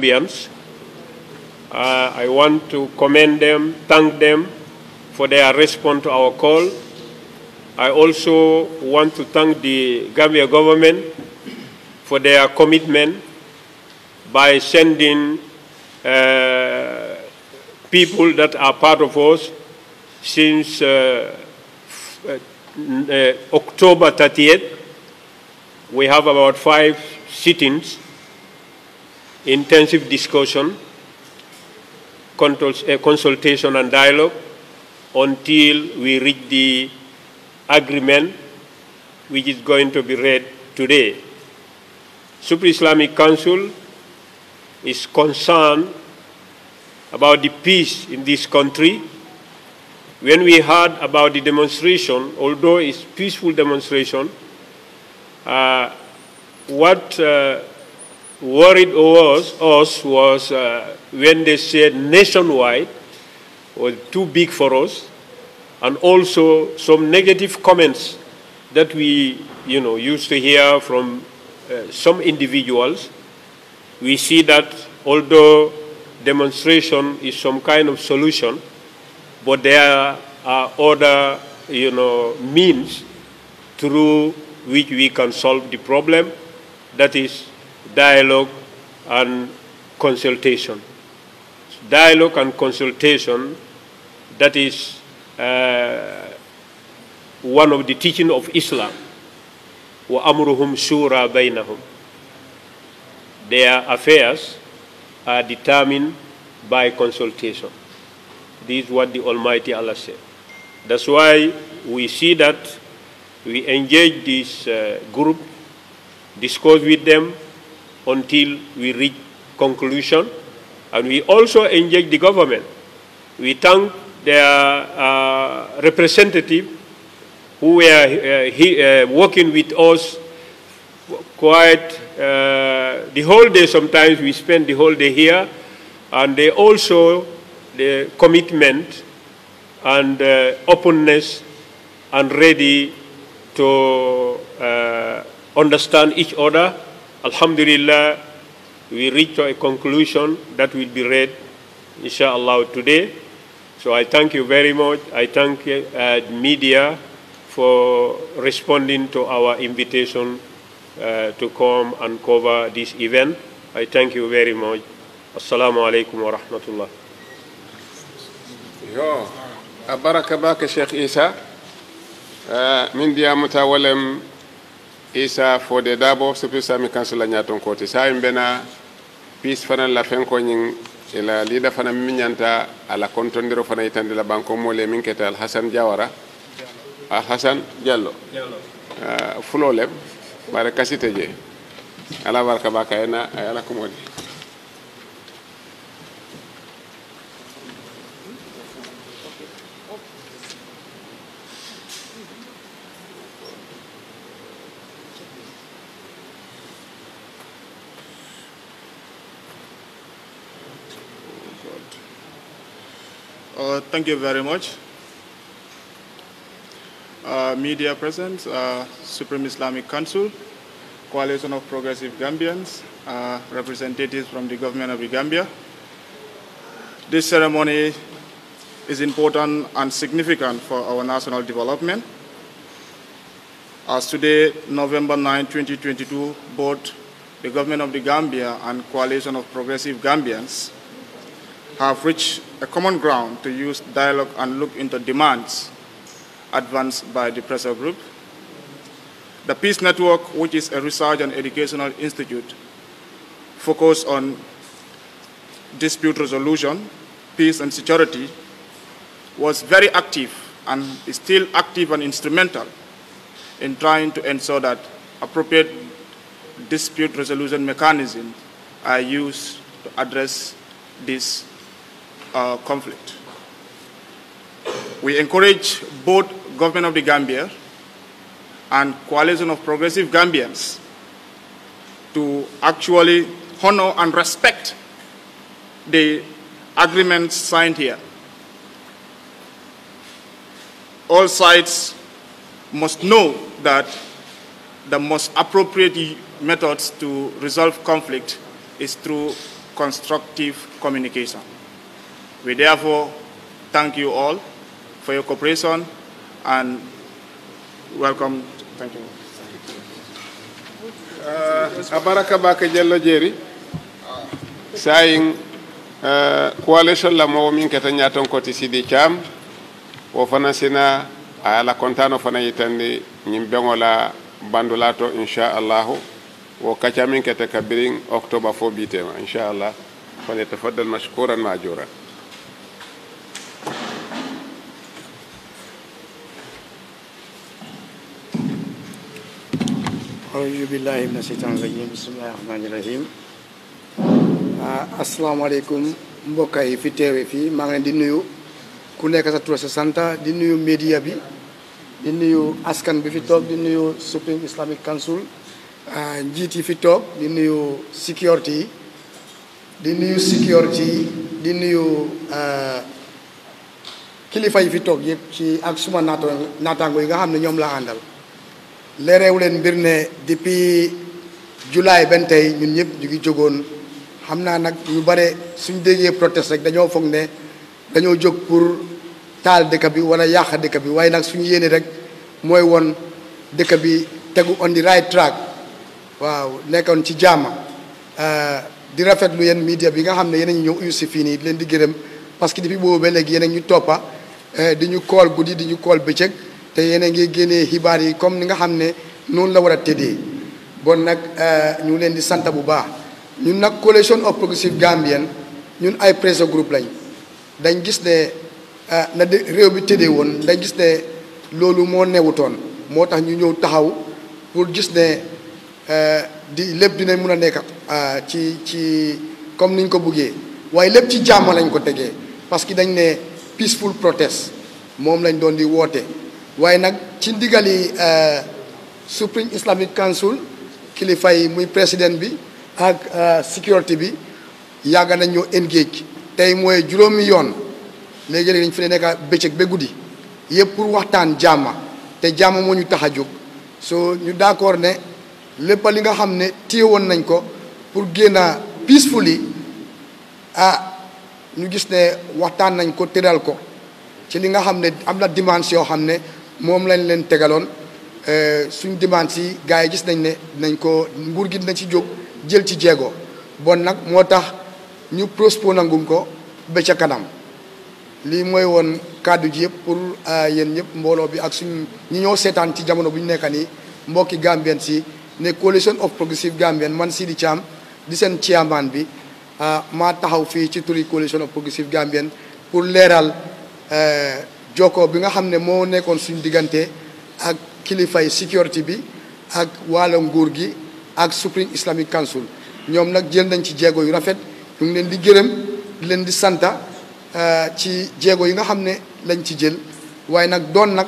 Gambians. Uh, I want to commend them, thank them for their response to our call. I also want to thank the Gambia government for their commitment by sending uh, people that are part of us since uh, uh, uh October 30th. We have about five sittings intensive discussion, eh, consultation and dialogue until we reach the agreement which is going to be read today. Super Islamic Council is concerned about the peace in this country. When we heard about the demonstration, although it's peaceful demonstration, uh, what uh, worried was, us was uh, when they said nationwide was too big for us, and also some negative comments that we, used to hear from uh, some individuals. We see that although demonstration is solution, but there are other, means through which we can solve the problem. That is dialogue and consultation. Dialogue and consultation, that is uh, one of the teaching of Islam. وَأَمْرُهُمْ Their affairs are determined by consultation. This is what the Almighty Allah said. That's why we see that we engage this uh, group, discuss with them, until we reach conclusion. And we also engage the government. We thank their uh, representative who were uh, he, uh, working with us quite uh, the whole day. Sometimes we spend the whole day here. And they also, the commitment and uh, openness and ready to uh, understand each other Alhamdulillah, we reached a conclusion that will be read, inshallah, today. So I thank you very much. I thank uh, media for responding to our invitation uh, to come and cover this event. I thank you very much. Assalamu alaikum wa rahmatullah. Yo, abaraka baka Sheikh Isa. Uh, min diya mutawalem isa fode dabo supi sami kansula ñaton koti sawin bena pis fana la fenko ñin ila lida fana miñanta ala kontondiro fana itandi la banko mole min kete al hasan jawara al hasan diallo uh, bare kasite je ala barka baka ena ay ala Uh, thank you very much. Uh, media presence, uh, Supreme Islamic Council, Coalition of Progressive Gambians, uh, representatives from the government of the Gambia. This ceremony is important and significant for our national development. As today, November both the government of the Gambia and Coalition of Progressive Gambians have reached a common ground to use dialogue and look into demands advanced by the pressure group. The Peace Network, which is a research and educational institute, focused on dispute resolution, peace and security, was very active and instrumental in trying to ensure that appropriate dispute resolution mechanisms are used to address these uh, conflict. We encourage both government of the Gambia and coalition of progressive Gambians to actually honor and respect the agreements signed here. All sides must know that the most appropriate methods to resolve conflict is through constructive communication. We therefore thank you all for your cooperation and welcome. Thank you. Uh, abaraka baka jello jeri sayin uh, coalition la mo min keta nyaton koti sidi cham wo fana sina ala kontano fana yitandi nyimbengo la bandulato insha allahu wo kacamin kete kabirin octobre fo bitema insha allah falyatafaddal mashkuran majuran auzu billaahi mina seytaani rajiim bismillaahi rahmaani rahiim ah, asalaamaaleykum mbokk yi fi teewe fii maa ngi leen di nuyu ku nekk sa tur sa santa di nuyu média bi di nuyu askan bi fi toog di nuyu Supreme Islamic Council ah, njiit yi fi toog di nuyu security yi di nuyu security yi di nuyu ah, kilifa yi fi toog yëpp ci ak suma naataango yi nga xam ne ñoom laa àndal leereewu leen mbir ne depuis julaay benn tey ñun ñëpp ñu ngi jógoon xam naa nag ñu bare suñ déggee protest rek dañoo foog ne dañoo jóg pour taal dëkk bi wala yàq dëkk bi waaye nag suñu yéenee rek mooy woon dëkk bi tegu on the right track waaw nekkoon ci jaama eh, di rafetlu yéen media bi nga xam ne yéen ñu ñëw uyu fii nii di leen di gërëm parce que depuis boobu ba léegi yéen ñu toppa eh, di ñu kool guddi di ñu kool bëccëg te yéen a ngi génnee xibaar yi comme ni nga xam ne noonu la war a tëddee bon nag euh, ñu leen di sant bu baax ñun nag coalition of progressive Gambien ñun ay presse groupe lañ dañ gis ne euh, na réew bi tëddee woon dañ gis ne loolu moo newutoon moo tax ñu ñëw taxaw pour gis ne euh, di lépp dinañ mun a nekk ci ci comme niñ ko buggee waaye lépp ci jàmm lañ ko tegee parce que dañ ne peaceful protest moom lañ doon di woote. waaye nag ci ndigali euh, Supreme Islamic Council kilifa yi muy président bi ak euh, security bi yàgg nañ ñoo engage tey mooy juróomi yoon léegi-léegi dañ fi ne nekka bëccëg ba guddi yëpp pour waxtaan jàmma te jàmma moo ñu tax a jóg so ñu d'accord ne lépp li nga xam ne téye woon nañ ko pour génn peacefully ah ñu gis ne waxtaan nañ ko tëral ko ci li nga xam ne am na dimension yoo xam ne moom lañ leen tegaloon euh, suñ demande si gars yi gis nañ ne nañ ko nguur gi dina ci jóg jël ci jéego bon nag moo tax ñu prospo nangum ko ba ca kanam lii mooy woon kàddu ji yëpp pour euh, yéen ñëpp mbooloo bi ak suñ ñi ñoo seetaan ci jamono bu ñu nekka ni mbokki Gambien si ne coalition of progressive Gambien man si Sidi Thiam di seen chairman bi euh, maa taxaw fii ci turi coalition of progressive Gambien pour leeral jokkoo bi nga xam ne moo nekkoon suñu diggante ak kilifay sécurité bi ak wàllu nguur gi ak Supreme Islamic Council ñoom nag jël nañ ci jéego yu rafet ñu ngi leen di gërëm leen di santa euh, ci jéego yi nga xam ne lañ ci jël waaye nag doon nag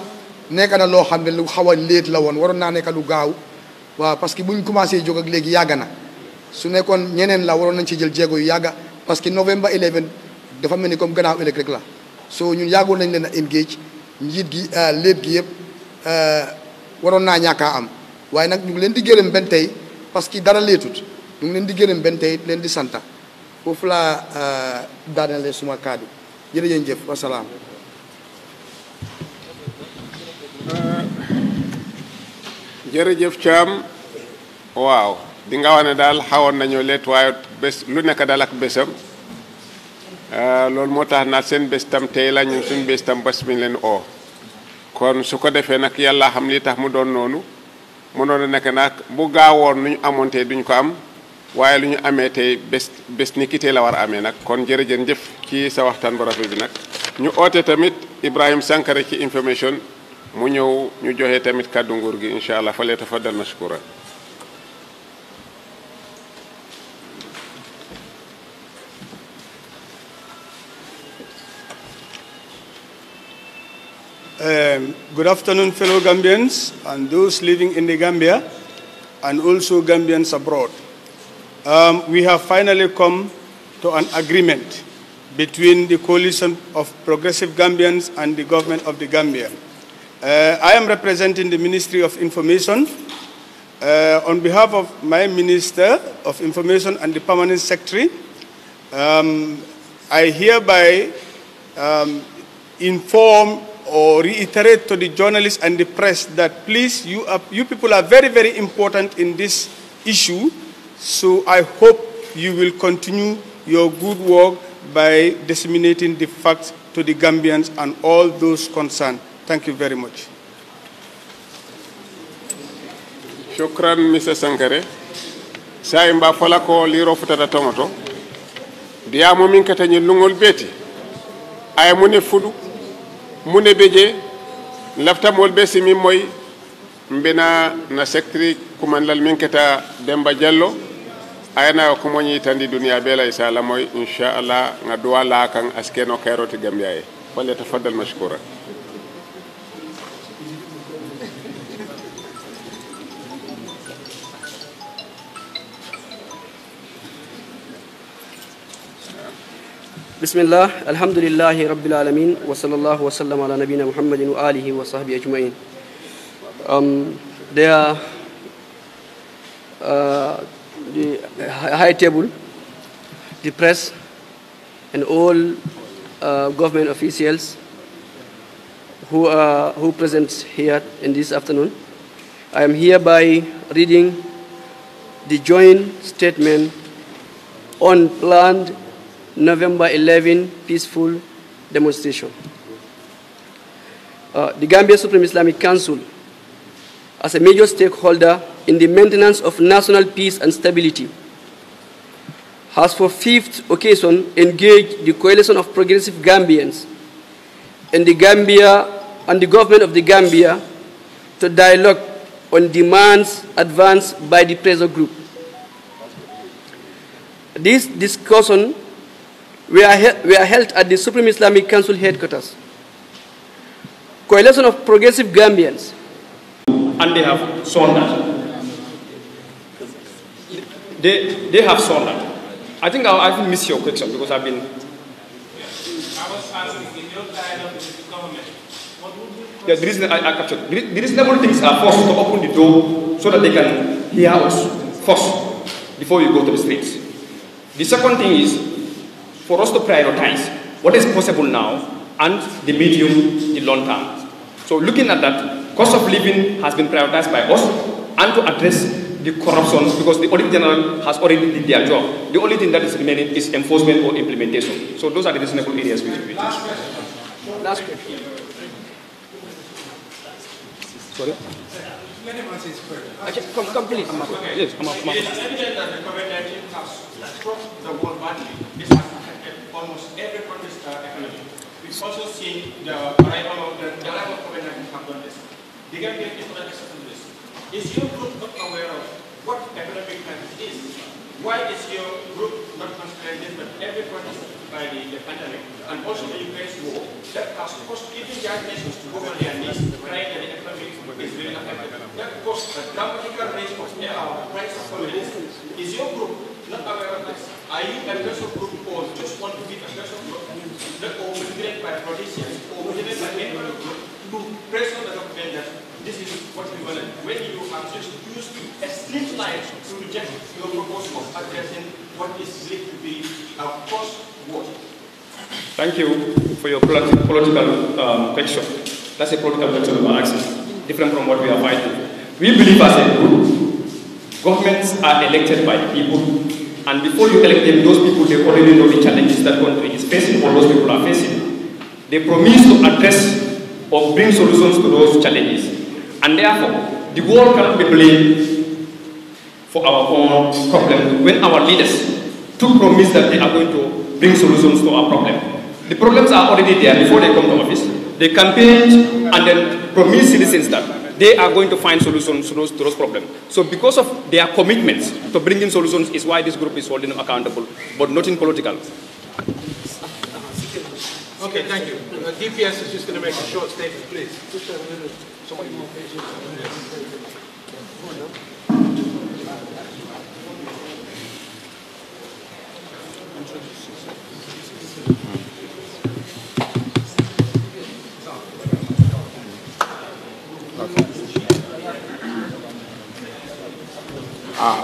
nekk na loo xam ne lu xaw a léet la woon waroon naa nekk lu gaaw waaw parce que bu ñu commencé jóg ak léegi yàgg na su nekkoon ñeneen la waroon nañ ci jël jéego yu yàgga parce que novembre 11 dafa mel ni comme gannaaw ëllëg rek la so ñun yàggoon nañ leen a engage njiit gi ah, léeb gi yëpp ah, waroon naa ñàkkaa am waaye nag ñu ngi leen di gërëm benn tey parce que dara leetut ñu ngi leen di gërëm benn tey leen di santa foofu laa ah, daanale suma kaddu jërëjëf jëf jërëjëf Thiam waaw di nga wax ne daal xawoon nañu leet waaye bés lu nekk daal ak bésam Euh, loolu moo tax naat seen bés tam tey la suñ suñu bés tam bés bi leen oo kon su ko defee nag yàlla xam li tax mu doon noonu mu a nekk nag bu gaawoon lu ñu amoon tey duñ ko am waaye lu ñu amee tey bés bés ni ki tey la war a amee nag kon jërëjën jëf ci sa waxtaan bu rafet bi nag ñu ootee tamit Ibrahim Sankare ci information mu ñëw ñu joxe tamit kàddu nguur gi incha allah fa lee tafaddal mashkuran Um, good afternoon, fellow Gambians and those living in the Gambia and also Gambians abroad. Um, we have finally come to an agreement between the Coalition of Progressive Gambians and the Government of the Gambia. Uh, I am representing the Ministry of Information. Uh, on behalf of my Minister of Information and the Permanent Secretary, um, I hereby um, inform or reiterate to the journalists and the press that please, you, people are very, very important in this issue. So I hope you will continue your good work by disseminating the facts to the Gambians and all those concerned. Thank you very much. Shukran, Mr. Sankare. Saimba falako liro futata tomoto. Diamo minkata nyilungol beti. Ayamune fudu. muneɓe je laftamol ɓe simin moy mbena na sectri kumanlal min keta demba diallo ayana ko moñi tandi duniya bela e saala moy inchallah ga duwa la kan askeno kayroti gambiya e falyatafaddal mashkoura bismillah alhamdulilahi rabbil alamin wa sallallahu wa sallam ala nabina muhammadin wa alihi wa sahbihi ajma'in um, there are, uh, the high table the press and all uh, government officials who are who present here in this afternoon i am hereby reading the joint statement on planned November 11 peaceful demonstration. Uh, the Gambia Supreme Islamic Council, as a major stakeholder in the maintenance of national peace and stability, has for fifth occasion engaged the coalition of progressive Gambians and the government of the Gambia to dialogue on demands advanced by the pressure group. This discussion were, were held at the Supreme Islamic Council headquarters. Coalition of Progressive Gambians. And they have sworn I think I, I've missed your question because I was asking, the reasonable things are forced to open the door so that they can hear us first before we go to the streets. The second thing is for us to prioritize what is possible now and the medium, the long term. So looking at that, cost of living has been prioritized by us and to address the corruption because the Audit General has already did their job. The only thing that is remaining is enforcement or implementation. So those are the reasonable areas we Last question. Last question. Sorry? Let him answer his question. Okay, come, come, please. I'm up. Yes, I'm up. the COVID-19 the world almost every country's economy. We've also seen the arrival of the, the arrival of COVID-19 have done this. The Gambian people are accepting this. Is your group not aware of what economic crisis is? Why is your group not considering this but every country by the, the, and also the Ukraine's war that has caused even young nations to go on their knees crying that the economy is really affected? That caused a dramatical rise of uh, Is your group not aware of Are you members of group or just want to be members of group? Not overridden by politicians, overridden by any other group to press on the document that this is what we want. When you have just used a slim line to reject your proposal of addressing what is believed to be a cost war. Thank you for your politi political um, question. That's a political question of access, different from what we are fighting. We believe as a group, governments are elected by the people And before you elect them, those people, they already know the challenges that country is facing or those people are facing. They promise to address or bring solutions to those challenges. And therefore, the world cannot be blamed for our own problem when our leaders to promise that they are going to bring solutions to our problem. The problems are already there before they come to office. They campaigned and then promised citizens that they are going to find solutions to those, to those problems. So because of their commitments to bringing solutions is why this group is holding them accountable, but not in political. Okay, thank you. Uh, DPS is just going to make a short statement, please.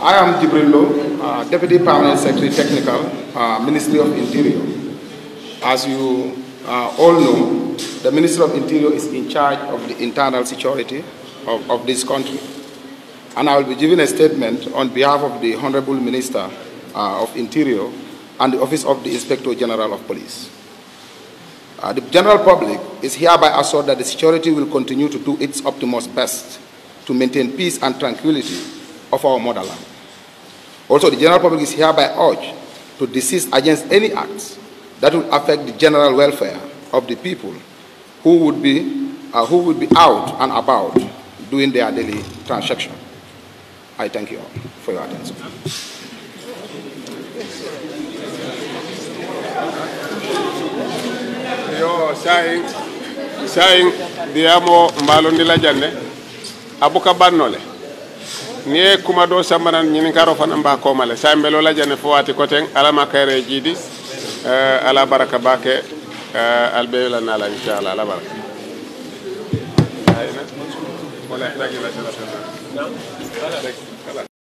I am Jibril Lo, uh, Deputy Permanent Secretary Technical, uh, Ministry of Interior. As you uh, all know, the Ministry of Interior is in charge of the internal security of, this country. And I will be giving a statement on behalf of the Honorable Minister uh, of Interior and the Office of the Inspector General of Police. Uh, the general public is hereby assured that the security will continue to do its optimum best to maintain peace and tranquility of our motherland. Also, the general public is hereby urged to desist against any acts that would affect the general welfare of the people who would be, uh, who would be out and about doing their daily transaction. I thank you all for your attention. yo sayin sayin diyamo mbalo ndila jande abuka bannole niye kuma do sambanan ñinin karo fan amba komale sambelo la jane fo wati koten alama kayre jiidi eh, ala baraka bake uh, albe la nala ala baraka wala ihtaji la